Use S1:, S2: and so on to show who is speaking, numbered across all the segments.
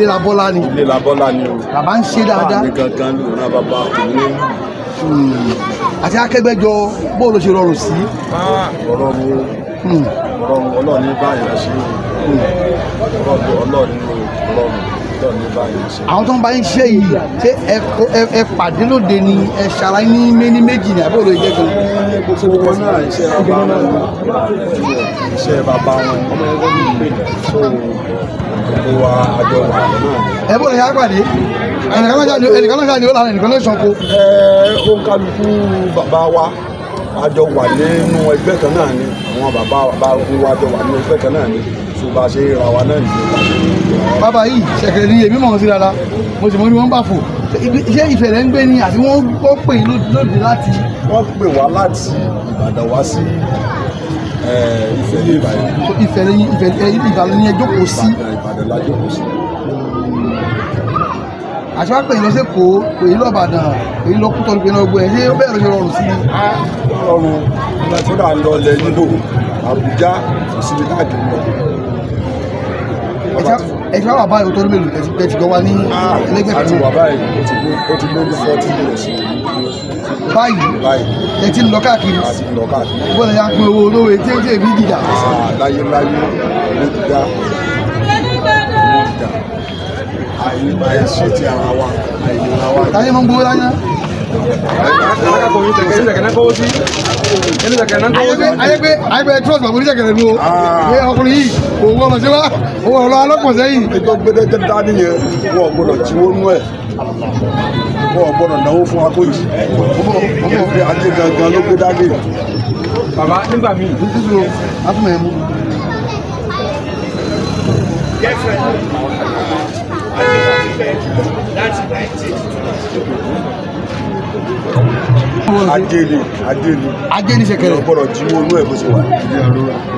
S1: ilé labọ́lá ni. ilé labọ́lá ni o. bàbá ń ṣe dáadáa. bàbá mi kankan hmm. ló ná bàbá kò ní. àti akẹgbẹjọ bóòlù ṣe rọrùn sí. ọ̀rọ̀ wo hmm. ọ̀rọ̀ ọlọ́ọ̀ni báyìí la ṣe é ọlọ́ọ̀ni ọlọ́ọ̀ni àwọn tó ń bá yín ṣe yìí ṣé ẹ pàdé lóde ni ẹ ṣàlàyé ní méní méjì ní àbúrò ìjẹ́ kan. gbogbo náà iṣẹ́ bàbá wọn iṣẹ́ bàbá wọn ọmọ ẹgbẹ́ mi pè so gbogbo wa àjọ wà ẹ bọ́dọ̀ ṣe àpàdé ẹnìkan náà ṣáà ni ó lànà ẹnìkan náà ṣànkó. ẹ ó ń kálukú bàbá wa àjọ wà nínú ẹgbẹ́ kan náà ni àwọn bàbá wa àjọ wà nínú ẹgbẹ́ kan náà ni tó bá ṣe ra wa náà nìyẹn bàbá yìí ṣẹ̀kẹ̀rẹ̀ ni èmi mọ̀ ọ́n sí rárá mo sì mọ̀ ní wọ́n ń bà fò ṣé ìfẹ́ rẹ̀ ń gbé ni àti wọ́n wọ́n pè é lóde láti. wọ́n pè wá láti Ìbàdàn wá sí Ifẹ̀ ní Ìbàdàn. Ifẹ̀ ní Ìbàdàn ní ẹjọ́ kò sí. Ìbàdàn la jókòó sí. àṣà pè é lọ́sẹ̀ kó pè é lọ́bàdàn èyí lọ kú tọ́lu pé náà gbọ́ ẹ ṣé bẹ́ẹ̀ ló rọrùn sí i. a rọrùn nígbà tí wọ́n lọ lẹ níbò Àbújá òsibítàdì lọ ẹ ti wá wà báyìí tó ní mélòó ẹ ti pẹ́ ti gbọ́ wá ní ẹlẹ́gbẹ̀ẹ́ kan. àti wà báyìí o ti lóyún forty years. báyìí ẹ ti ń lọ káàkiri bọ́lá ya pé owó olówó etí etí èmi dìjà. Ah, láyé láyé ló dìjà àìní àìṣe ti ara wa àìlera máa ń gbowó láyé ayẹgbẹ ayẹgbẹ trọs bàbá oníṣẹkẹrẹ nu o ọkùnrin yìí òwò ọmọ sẹwà òwò ọlọ alọpọ sẹ́yìn. ètò gbẹdẹdẹ dání yẹn wọn gbọ́dọ̀ tí wọn nú ẹ wọn gbọ́dọ̀ náwó fún akóyì ọmọ ọmọ fi ajé gangan ló gbé dání. bàbá nígbà míì. nítorí o a tún bẹ mú. That's right ajéni ajéni ajéni sẹkẹrẹ yóò gbọ́dọ̀ jí owó inú ẹ bó ṣe wà.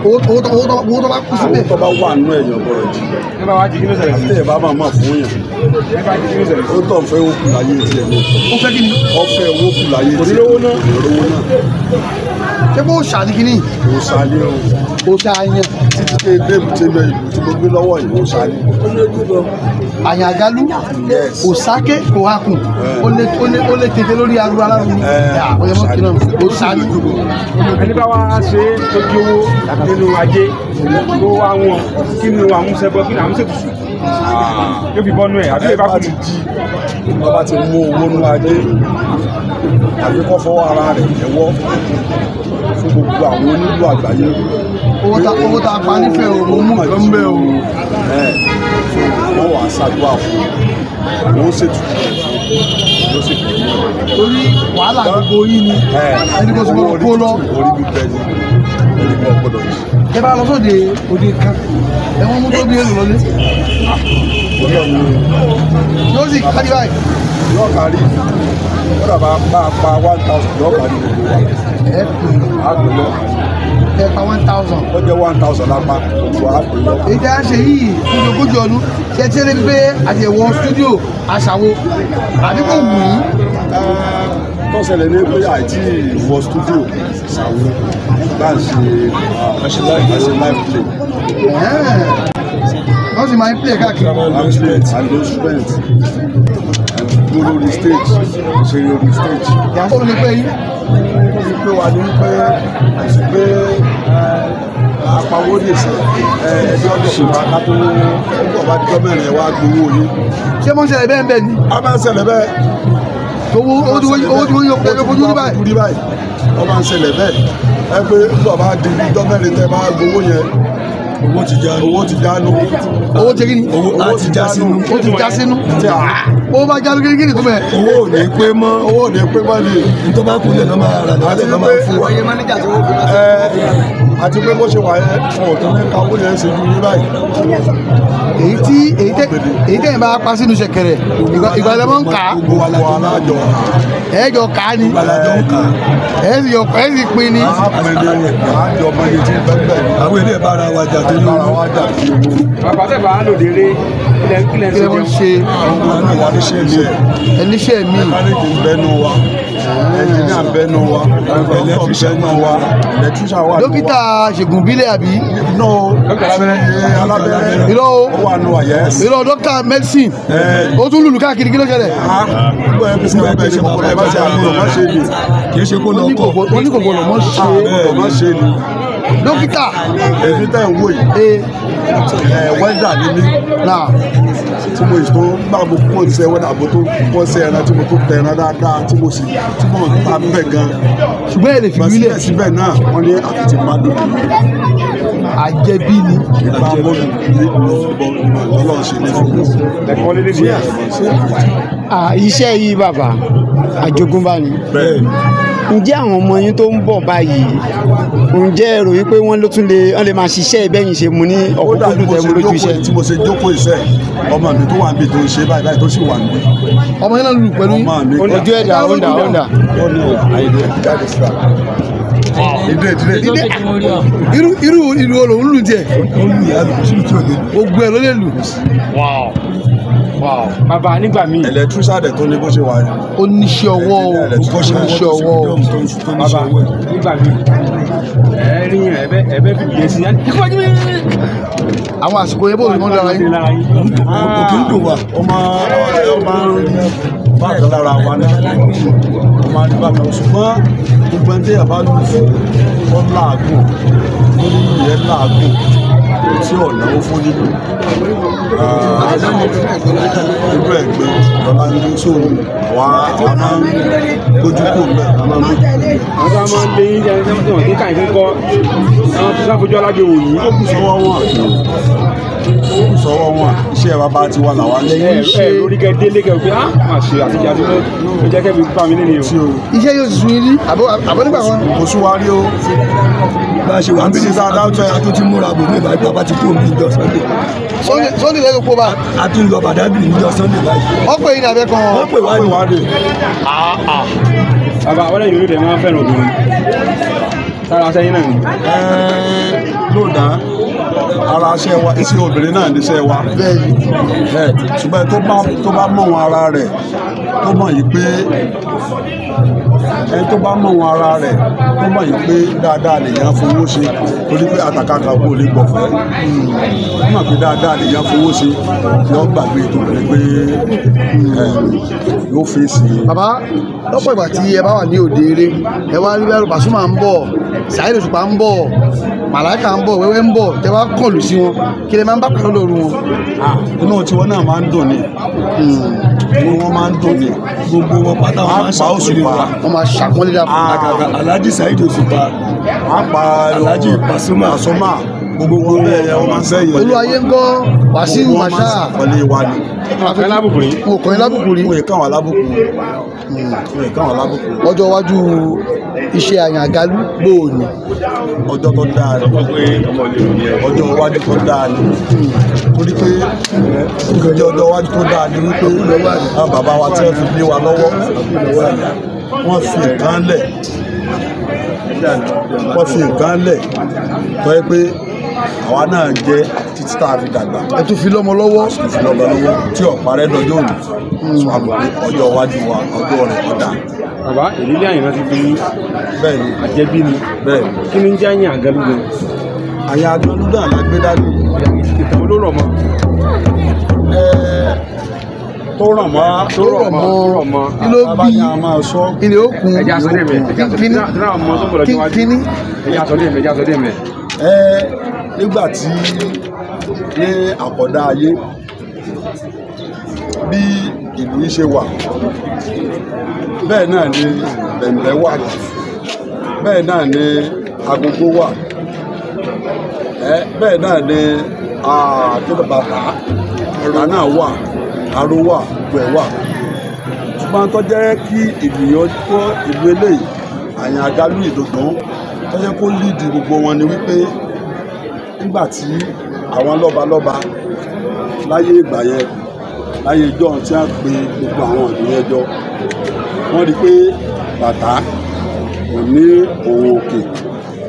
S1: owó tó bá kú síbẹ̀. owó tó bá wà nínú ẹ yóò gbọ́dọ̀ jí. ẹ bá wá jí kíló ṣẹlẹ̀ sí. àti ẹ bá máa ma fún yàn. ẹ bá jí kíló ṣẹlẹ̀ sí. ó tọ̀ fẹ́ owó kù láyé tiẹ̀ ní. ó fẹ́ kí ni. ó fẹ́ owó kù láyé tiẹ̀ kò ní lówó náà. kò ní lówó náà. ṣé bó ṣàdí kíní. kò ṣàdí o. kò ṣàyàn pé géèmù tí mo ìlú tí mo gbé lọ́wọ́ yìí eh. ó sáré. àyàgálú kò sáké kò hakùn ó lé tètè lórí arúgbó alárùn ọyọ mọ kìnnà ó sáré. ẹni bá wa ṣe é tó di owó nínú ajé kó wá wọn kí nínú àmúṣẹbọ kí nínú àmúṣẹtùtù ah. yóò fi bọ́nú ẹ̀ àbí lè bá kú. bàbá ti mú owó nú ajé àbí kọ́ fọwọ́ ara rẹ̀ jẹ́wọ́ fún gbogbo àwọn onílù àgbáyé owó ta owó ta pa nífẹ̀ẹ́ o mo mú nǹkan bẹ́ẹ̀ o. ẹ ẹ wọ́n wàá ṣàdúrà fún wọ́n ṣètò wọ́n ṣètò. torí wàhálà gbogbo yín ni ẹni kò sí gbọ́dọ̀ kó lọ. orí mi bẹ́ẹ̀ ni ẹni kò gbọ́dọ̀ yìí. ẹ bá lọ sóde òde kan ẹ wọ́n mú tó bí èrò lọlé. yóò sì kárí báyìí. yóò kárí kódà bá a pa one thousand yóò kárí gbogbo wa. ẹ kò lọ ẹ̀ka one thousand. ó jẹ́ one thousand lápá wàá pè é. èdè àṣẹ yìí ìdókòjì ọdún ṣe ti rí pé àtẹ̀wọ̀ stúdíò àṣàwò àbí kò wù í. tọ́sẹ̀lẹ̀ ní pé àìtí ìwọ stúdíò ṣàwò bá ń ṣe àṣẹ live play. wọ́n sì máa ń play káàkiri. instrument and instrument and go lórí stage ṣe lórí stage. ìyàtọ̀ ni pé yín pé wà ní pé àìsàn pé apawó lè ṣe ẹbí ọjọ́ kò wá ká tó ọba tó mẹ́rin wá gbowó yín. ṣé mo ń ṣẹlẹ̀ bẹ́ẹ̀ bẹ́ẹ̀ ni. a máa ń ṣẹlẹ̀ bẹ́ẹ̀. owó owó tí wọ́n yọ fojú rí báyìí. wọ́n máa ń ṣẹlẹ̀ bẹ́ẹ̀ ẹ pé bàbá di ọjọ́ mẹ́rin tẹ́ bá gbowó yẹn owó ti já owó ti dánú. owó ti rí ni owó ti já sínú. owó ti já sínú. owó bá já lókè kí ni tó bẹ̀. owó ò ní pé mọ́ owó ò ní pé mọ́ ni. nítorí bá kúnlẹ̀ náà máa rà náà máa fún wa. àti pé àti pé bó ṣe wà yẹn fún òtún ní ká owó yẹn ṣe ju yín báyìí. èyí tí èyí tẹ èyí tẹ ìbá pa sínú ṣẹ̀kẹ̀rẹ̀ ìgbà lẹ́mọ̀ ń kà á. gbogbo wa la jọ ẹ jọ kà á ni ẹ sì yọ ẹ sì pin ni. àwọn èdè bára wa jà tó yóò wá jà tó yóò. bàbá tẹ̀ bá a lò délé kílẹ̀ ń ṣe. kílẹ̀ ń ṣe. ẹni iṣẹ́ ẹnjìníà bẹnu wa ẹlẹtírísàn bẹnu wa ẹlẹtírísàn wà. dókítà ṣègùn bílẹ̀ àbí. no alábẹ́rẹ́ irọ́ o wà nù àyẹ́. irọ́ dókítà mẹ́dísìn o tún lùlù káàkiri kí ló ṣẹlẹ̀. wọ́n ní kòkòrò mọ́ ṣe é. Ah, dókítà èmi tẹ̀ ń wò yìí ẹ wẹ́dà ni mí náà tí mo tó gbà mo kó ṣe wẹ́dà mo tó kọ́ ṣe ẹran tí mo tó tẹ̀ ẹran dáadáa tí mo sì tí mo ta ń bẹ̀ gan. ṣùgbọ́n èlè fi wílẹ̀ síbẹ̀ náà wọ́n ní àtẹ̀tẹ̀ máa dùn àjẹbí ni. ìgbà bọ́ọ̀lù ní ọlọ́run ṣe ní fún mi. ẹ̀kọ́ lílé ní ẹ̀. iṣẹ́ yìí bàbá àjogúnbá ni. bẹ́ẹ̀ ni. ǹjẹ́ àwọn ọmọ yín tó ń bọ̀ báyìí ǹjẹ́ ẹ rò wípé wọ́n ló tún lè wọ́n lè máa ṣiṣẹ́ ìbẹ́yìn ṣe mu ní ọ̀kúnkúndùn tẹ̀ mú lójú iṣẹ́. tí mo ṣe jókòó iṣẹ́ ọmọ mi tó wà níbi tó ṣe báyìí báyìí tó sì wà níbi. ọmọ yẹn náà lù pẹ̀lú ojú ẹ̀dá ọ̀ndà ọ̀ndà. irú irú ìlú olóhùn lù jẹ. ó gbẹ ló lè lù bàbá nígbà míì. electrician dẹ̀ tó ní bó ṣe wà yìí. ó níṣẹ́ ọwọ́ o bó ṣe níṣẹ́ ọwọ́ o bàbá nígbà míì. ẹ rí ẹbẹ ẹbẹ fi bìyẹn sí yẹn. àwọn àsìkò yẹn bó lè mọ́ lára yín. kò kí ń dùn wá. ó máa ó máa ń bákan lára wa ní ó máa ń bákan ṣùgbọ́n gbogbo ẹni tí yàrá bá lù fún ọ láàgùn lórí ìyẹn láàgùn tí ò fún nílò irú ẹ̀ gbé ní tí ò wá a máa ń gbójú kò mẹ́ a máa ń gbójú. yín jẹ́ ẹni tí wọ́n ti ká ìkókọ́ àwọn tí wọ́n alájọ wò ó kù sọ́wọ́ wọn àti sọ̀rọ̀ wọn iṣẹ́ bàbá ti wà làwọn ṣe. ẹ ẹ lórí kẹ délé kẹ òkè á ah, máa ṣe àtijọ́ àti mọ́ ó jẹ́ kẹ́mi bá mi lẹ́nu yìí o. iṣẹ́ yóò sun yín rí àbọ̀ nígbà kan. kò sún wa rí o. bá a ṣe wà ń bí sísá dáútọ́ yẹn. a tún ti múra bò ní ìbáyìí bàbá ti kú omi ìjọ sunday. sunday lẹ́nu kó bá. a tún lọ bàdágìrì níjọ sunday báyìí. wọ́n pè yín abẹ́ kan. wọ́n pè wá ní. Ah, ah. bàbá àwọn ẹ̀yìn olóde máa ń fẹ́ràn obìnrin. sára sẹ́yìn náà ni. lóòdà ara iṣẹ́ wa isi obìnrin náà níṣẹ́ wa ṣùgbọ́n tó bá tó bá mọ̀ wọn ara rẹ̀ tó mọ̀ yìí pé ẹni tó bá mọ̀ wọn ara rẹ̀ tó mọ̀ yìí pé dáadáa lèèyàn fowó ṣe torí pé àtàkàkà kò lè gbọ̀ fẹ́ hmm. ó mọ̀ pé dáadáa lèèyàn fowó ṣe yóò gbàgbé tó pé pé hmm, yóò fèsì. bàbá lọ́pọ̀ ìgbà tí ẹ bá wà ní òde eré ẹ wá rí bẹ́ẹ̀ ń bọ̀ ń bọ̀ màláìka ń bọ̀ wẹ́wẹ́ ń bọ̀ tẹ wá kọlù sí wọn kí lè máa ń bá pàdé lóru wọn. inú tiwọn náà máa ń dùn ni hmm. inú wọn máa ń dùn ni gbogbo wọn pátá wọn máa ń ṣàkóso wa wọn máa ṣàkóso wa. alhaji saheed òṣùpá alhaji pasuma asoma gbogbo wọn bẹ́ẹ̀ yẹ wọn máa ń sẹ́yìn. olú ayé ń gbọ́ wàsíù màṣá. wọ́n máa ń sàkọlé wa ni. mo lábùkù rí. mo lábùkù rí. mo kàn lábùkù rí nǹkan hmm. alábùkù. ọjọ́ iwájú iṣẹ́ àyàngálú gbòò ni. ọjọ́ tó dáa ni ọjọ́ iwájú tó dáa ni torí pé ìjọ ọjọ́ iwájú tó dáa ni wípé àwọn bàbá wa tí wọ́n fi lé wa lọ́wọ́ wọ́n fi nǹkan lẹ̀ wọ́n fi nǹkan lẹ̀ tọ́ pé àwa náà jẹ́ títí tá a fi dàgbà. ẹ tún fi lọ́mọ lọ́wọ́. fi lọ́mọ lọ́wọ́ tí ọ̀parẹ́ dọjọ́ òní. sọ àbùkù ọjọ́ iwájú wa ọjọ́ rẹ̀ ọ̀dà. bàbá ìdílé àyìnbá ti fi bẹ́ẹ̀ni àjẹbí ni bẹ́ẹ̀ni kí ni ń jẹ́ àyìn àgálùgbò. àyà àgálùgbò alágbèdálù. ìtàn olóró ọmọ. ẹẹ tó rọ̀ mọ́ tó rọ̀ mọ́ kí ló bí kí ni ó kun kíní kíní. ẹ nígbà tí ní àkọ́dá ayé bí ìlú yìí ṣe wà bẹ́ẹ̀ náà ni bẹ̀m̀bẹ̀ wà bẹ́ẹ̀ náà ni agogo wà bẹ́ẹ̀ náà ni àtúntò bàtà ẹ̀rọ náà wà aró wà gbẹ̀ wà ṣùgbọ́n tó jẹ́ kí ènìyàn tó ìlú eléyìí àyàn àgálù ìdòdó tó yẹ kó lídìí gbogbo wọn ni wípé nígbà tí àwọn lọ́balọ́ba láyé ìgbà yẹn láyé ìjọ tí a gbé gbogbo àwọn ìlú yẹn jọ wọ́n rí i pé bàtà kò ní òun òkè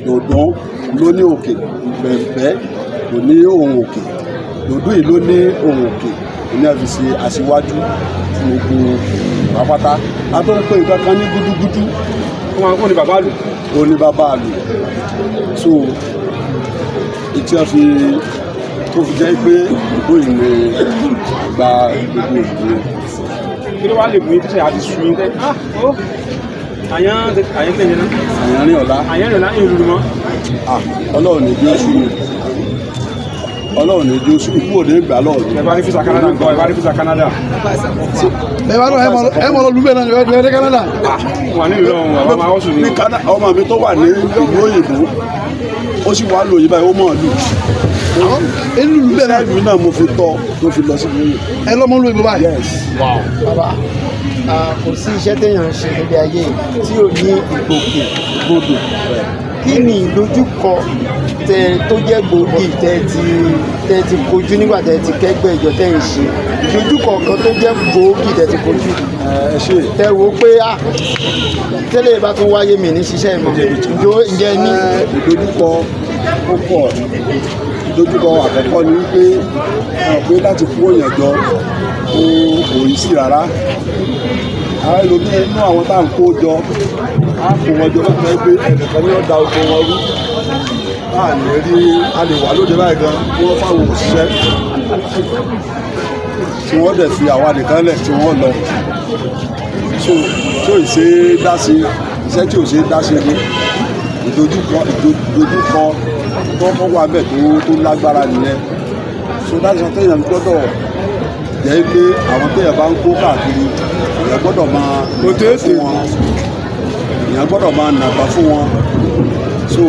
S1: dòdán ló ní òkè bẹ̀m̀bẹ́ kò ní òun òkè dòdú yìí ló ní òun òkè ìní àfi ṣe aṣíwájú gbogbo àpáta atọ́npẹ́ nǹkan kan ní gúdúgúdú wọ́n máa ń kó ní bàbá lù ó ní bàbá lù so ìtí a fi tó fi jẹ́ pé bóyá lè gba gbogbo ìdílé. kí ló wá lè mú yín tẹ̀sán àti sùn yín tẹ́ ah, ó àyàn àyàn tẹ̀yẹ náà. àyàn rìn ọ̀la. àyàn rìn ọ̀la ń lulu mọ́. Ah, ọlọ́run ní bí ó sùn mi ọlọ́run ní ojú ikú òde gbà lọ́ọ̀dún. ẹ bá ní fisa Canada gbọ́ ẹ bá ní fisa Canada. ẹ bá dọ̀ ẹ mọ̀ lọ lùmẹ̀ náà ẹ dẹ́ Canada. Ah, wà ní ìlú ọ̀hún ọmọ àwọn sùn ní. ọmọ mi tó wà ní ìlú òyìnbó ó sì wà lóyìnbó báyìí ó mọ̀ ọ́ lù elu lu bẹ́ẹ̀ náà náà mo fi tọ́ mo fi lọ sí ìlú ẹ lọ́mọ lóye bàbá yẹn. bàbá kò sí iṣẹ́ téèyàn ń ṣe lórí ayé tí ò ní ìgbòkègbodò kí ni ìdojúkọ tẹ tó jẹ́ gbòógì tẹ ti tẹ ti kojú nígbà tẹ ti kẹ́gbẹ́ ìjọ tẹ ń ṣe ìdojúkọ kan tó jẹ́ gbòógì tẹ ti kojú tẹ wo pé a tẹ́lẹ̀ bá tún wáyé mi ní ṣiṣẹ́ mi ǹjẹ́ ní. ìdojúkọ ó pọ̀ ìdojúkọ àkọ́kọ́ ni wípé pé láti kó èèyàn jọ kò rí sí rárá àwọn ẹlòmíín inú àwọn tá à ń kó jọ á kó wọn jọ lọ́kùnrin ẹgbẹ́ ẹnìkan ní ọ̀dà oko wọn rú a lè rí a lè wà lóde báyìí gan kí wọ́n fáwọn òṣìṣẹ́ tí wọ́n dẹ̀ fi àwa nìkan lẹ̀ tí wọ́n lọ so tí ò ṣe é dá sí iṣẹ́ tí ò ṣe é dá sí ni ìdojúkọ ìdojúkọ tó tó wà bẹ́ẹ̀ tó tó lágbára nìyẹn so láti sọ téèyàn gbọ́dọ̀ jẹ́ pé àwọn téèyàn bá ń kó káàkiri èèyàn gbọ́dọ̀ máa nàgbà fún wọn èèyàn gbọ́dọ̀ máa nàgbà fún wọn so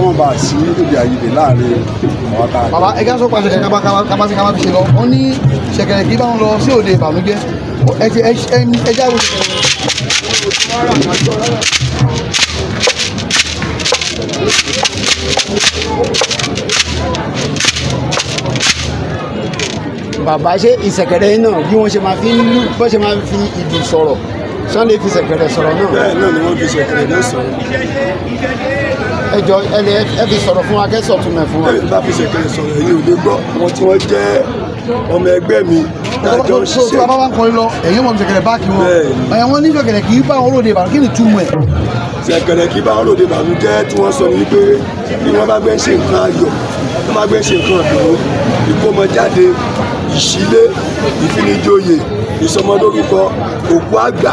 S1: wọ́n bá sí èdè àyèdè láàrin àwọn tá a. bàbá ẹgbẹ́ sọ pàṣẹ kaba kaba sí kaba fi ṣe lọ wọ́n ní ṣẹ̀kẹ̀rẹ̀ kí bá ń lọ sí òde ìbànújẹ́ ẹ ti ẹ ẹ ẹ jáwé. Thank you bàbá ṣe ìṣẹ̀kẹ̀rẹ̀ náà bí wọ́n ṣe máa fi lù bọ́ ṣe máa fi ìlù sọ̀rọ̀ Sunday fi ṣẹ̀kẹ̀rẹ̀ sọ̀rọ̀ náà. bẹ́ẹ̀ náà ni wọ́n fi ṣẹ̀kẹ̀rẹ̀ náà sọ̀rọ̀. ẹ jọ ẹni ẹ fi sọ̀rọ̀ fún wa kẹ́sọ̀ tún mẹ́ fún wa. ẹ bá fi ṣẹ̀kẹ̀rẹ̀ sọ̀rọ̀ èyí ò lè gbọ́ wọn tí wọ́n jẹ́ ọmọ ẹgbẹ́ mi dájọ́ ṣiṣẹ́. tó o bá wá ń kọrin lọ èyí wọn fi ṣẹ̀kẹ̀rẹ̀ báàkì wọn. ẹ̀ wọ́n ní ṣẹ̀kẹ̀rẹ̀ kì í bá wọn ròde ìbàdàn kí ni túmọ̀ ẹ̀ ṣẹ̀kẹ̀rẹ̀ kí bá olóde ìbànújẹ́ tí wọ́n sọ ní pé bí wọ́n bá gbé ń ṣe nǹkan ayọ̀ wọ́n bá gbé ń ṣe nǹkan ìdùnnú ìkómọjáde ìṣílé ìfinijoyè ìsọmọlórúkọ òkú àgbà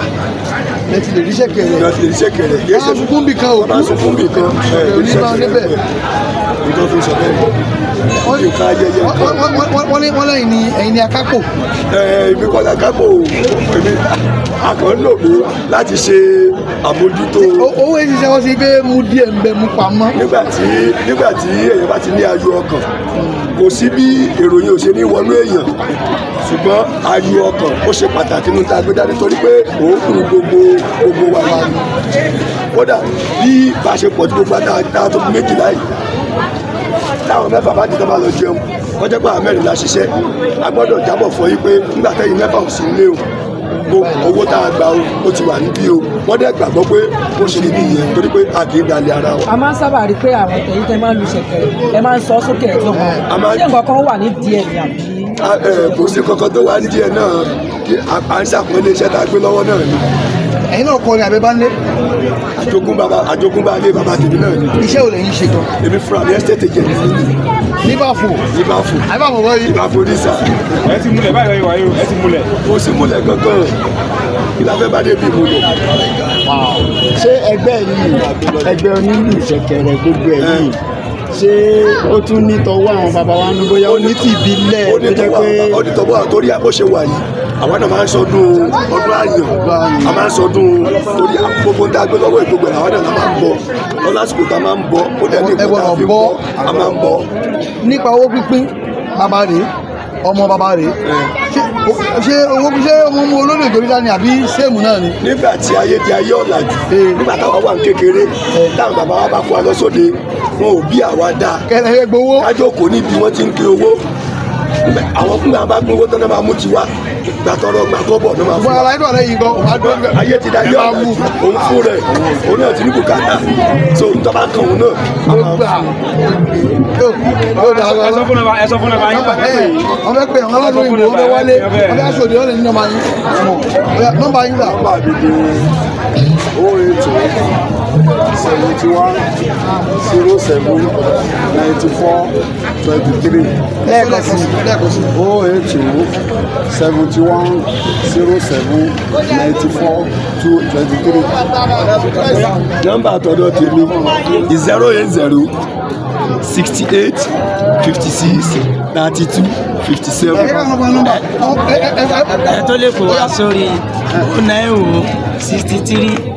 S1: lẹti lè rí ṣẹ̀kẹ̀rẹ̀ lẹti lè rí ṣẹ̀kẹ̀rẹ̀ yẹsẹ fúnbì kan òkú fúnbì kan ẹ rí ṣẹ̀kẹ̀rẹ̀ nǹkan fi wọ́n lẹ́yìn ni ẹ̀yin ni akápò. ni akápò èmi kò sí bí ìròyìn ò ṣe ní wọnú èèyàn ṣùgbọ́n ayọ̀ ọkàn ó ṣe pàtàkì nínú tá a gbé dání torí pé òun kúrú gbogbo gbogbo wa wa kódà bí bá ṣe pọ̀ tó gbogbo àtàwọn méjìlá yìí táwọn mẹ́fà bá jẹ́ tó bá lọ jẹun kọjá pé àmẹ́rin la ṣiṣẹ́ a gbọ́dọ̀ jábọ̀ fọ yí pé nígbà tẹ́yìn mẹ́fà ò sí nílé o owó tá a gbà o ti wà níbí o wọ́n dẹ̀ gbàgbọ́ pé ó ṣe níbí yẹn torí pé a kì í dalẹ̀ ara wa. a máa ń sábà rí i pé àwọn tẹ̀yìn tẹ máa ń lu ṣẹ̀kẹ̀rẹ̀ ẹ máa ń sọ sókè ẹ̀ tó kàn ṣé nǹkan kan wà ní díẹ̀ ní àbí. kò sí kankan tó wà ní díẹ̀ náà à ń ṣàpọ́nlé iṣẹ́ tá a gbé lọ́wọ́ náà ni ẹ̀yin náà kọrin àbẹ́bá ńlẹ̀. àjogúnbá àjogúnbá ilé bàbá tèmi náà ni. iṣẹ́ ò lẹ́yìn ṣe tán. èmi fúra mi ẹ́sítẹ́ tèjẹ́ mi níbàfò. níbàfò. àbáfò wọ́n yìí. níbàfò ní sà. ẹ ti múlẹ̀ báyìí wáyé o ẹ ti múlẹ̀. mo sì múlẹ̀ gangan ìlàfẹ́ bá dé bí mo lò. ṣé ẹgbẹ́ yìí ẹgbẹ́ onílù ìṣẹ̀kẹ̀rẹ̀ gbogbo ẹ̀ yìí ṣé ó tún ní tọwọ́ àwọn bàbá wa ní bóyá ó ní ti ìbílẹ̀ tó jẹ́ pé. ó ní tọwọ́ àwọn torí wà yìí àwọn náà máa ń sọdún ọdún àyàn a máa ń sọdún torí gbogbo ń dágbé lọ́wọ́ ìgbogbo àwọn náà máa ń bọ lọ́lásìkò tá a máa ń bọ ó dẹ̀ ní ìgbà tá a fi bọ a máa ń bọ. nípa owó pínpín bàbá rèé ọmọ bàbá rèé ṣé owó ṣé owó mú olódò ìgbòríta ni àbí sẹ́ẹ̀mù náà ni. nígbà tí ayé di ayé ọ̀làjú eh. nígbà táwa wà ní kékeré eh. táwọn bàbá wa bá kó wa lọ sóde wọn ò bí àwa dáa. kẹlẹ gbowó. kájọ kò ní bí wọn ti ń kí owó àwọn fún mi àbá gbowó tán náà máa mú tiwa gbàtọrọ gbàkọbọ náà máa fún wa. bọ́lá inú ọ̀rẹ́ yìí gan ọ̀hún adó ń bẹ̀. ayé ti da yọ àwọn òun fún rẹ̀ òun náà ti ní bùkátà so n tọ́ba kan òun náà. ó gbà ó dà ó. ẹsọ fún ẹ ẹsọ fún ẹ bá yín. ọmọ ẹgbẹ́ àwọn aládùn ìbò ọmọ wálé ọmọ ẹsọ òde ọ̀rẹ́ nínú ọmọ yín nọ́mbà yín rà. nọ́mbà mi ni 080 ninety one zero seven ninety four twenty three lẹ́ẹ̀kan sí oh eight two seventy one zero seven ninety four two twenty three nọ́mbà tọ̀dọ̀ tèmi zero eight zero sixty eight fifty six thirty two fifty seven. ẹ tó lè fò sórí nine o sixty three.